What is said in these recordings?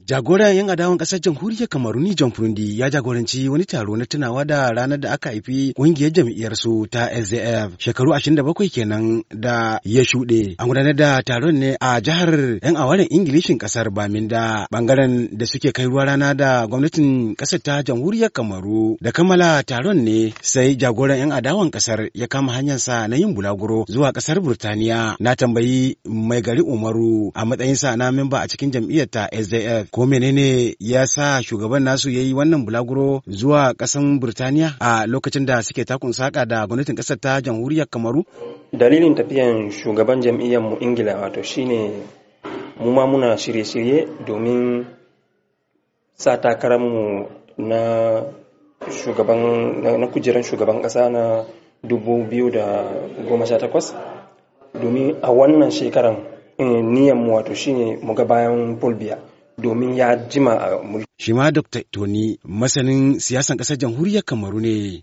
Jagoran 'yan adawan ƙasar jamhuriyar Kamaruni John Fundi ya jagoranci wani taro na tunawa da ranar da aka haifi ƙungiyar jam'iyyar su ta SDF shekaru 27 kenan da ya shuɗe. An gudanar da taron ne a jihar 'yan awaren Ingilishin ƙasar Baminda bangaren da suke kai ruwa rana da gwamnatin ƙasar ta jamhuriyar Kamaru da kammala taron ne sai jagoran 'yan adawan ƙasar ya kama hanyarsa na yin bulaguro zuwa ƙasar Burtaniya na tambayi mai gari Umaru a matsayinsa na memba a cikin jam'iyyar ta SDF ko menene ya sa shugaban nasu ya yi wannan bulaguro zuwa ƙasan Birtaniya a lokacin da suke takun saka da gwamnatin ƙasar ta jamhuriyar Kamaru? Dalilin tafiyan shugaban jam'iyyar mu Ingila wato shine mu ma muna shirye-shirye domin sa mu na shugaban na kujeran shugaban ƙasa na 2018 domin a wannan shekaran eh, niyan mu wato shine mu ga bayan fulbiya domin ya jima a mulki. Shi ma Dr. Tony masanin siyasan ƙasar jamhuriyar Kamaru ne.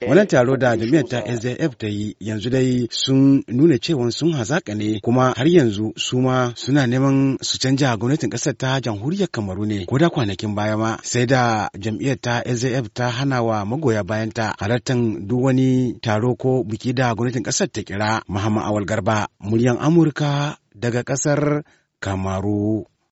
Eh, Wannan taro da jami'ar ta SDF ta yi yanzu dai sun nuna cewa sun hazaƙa ne kuma har yanzu su ma suna neman su canja gwamnatin ƙasar ta jamhuriyar Kamaru ne ko da kwanakin baya ma sai da jam'iyyar ta SDF ta hana wa magoya bayanta ta halartar duk wani taro ko biki da gwamnatin ƙasar ta kira Muhammad Awal Garba muryan Amurka daga ƙasar Kamaru.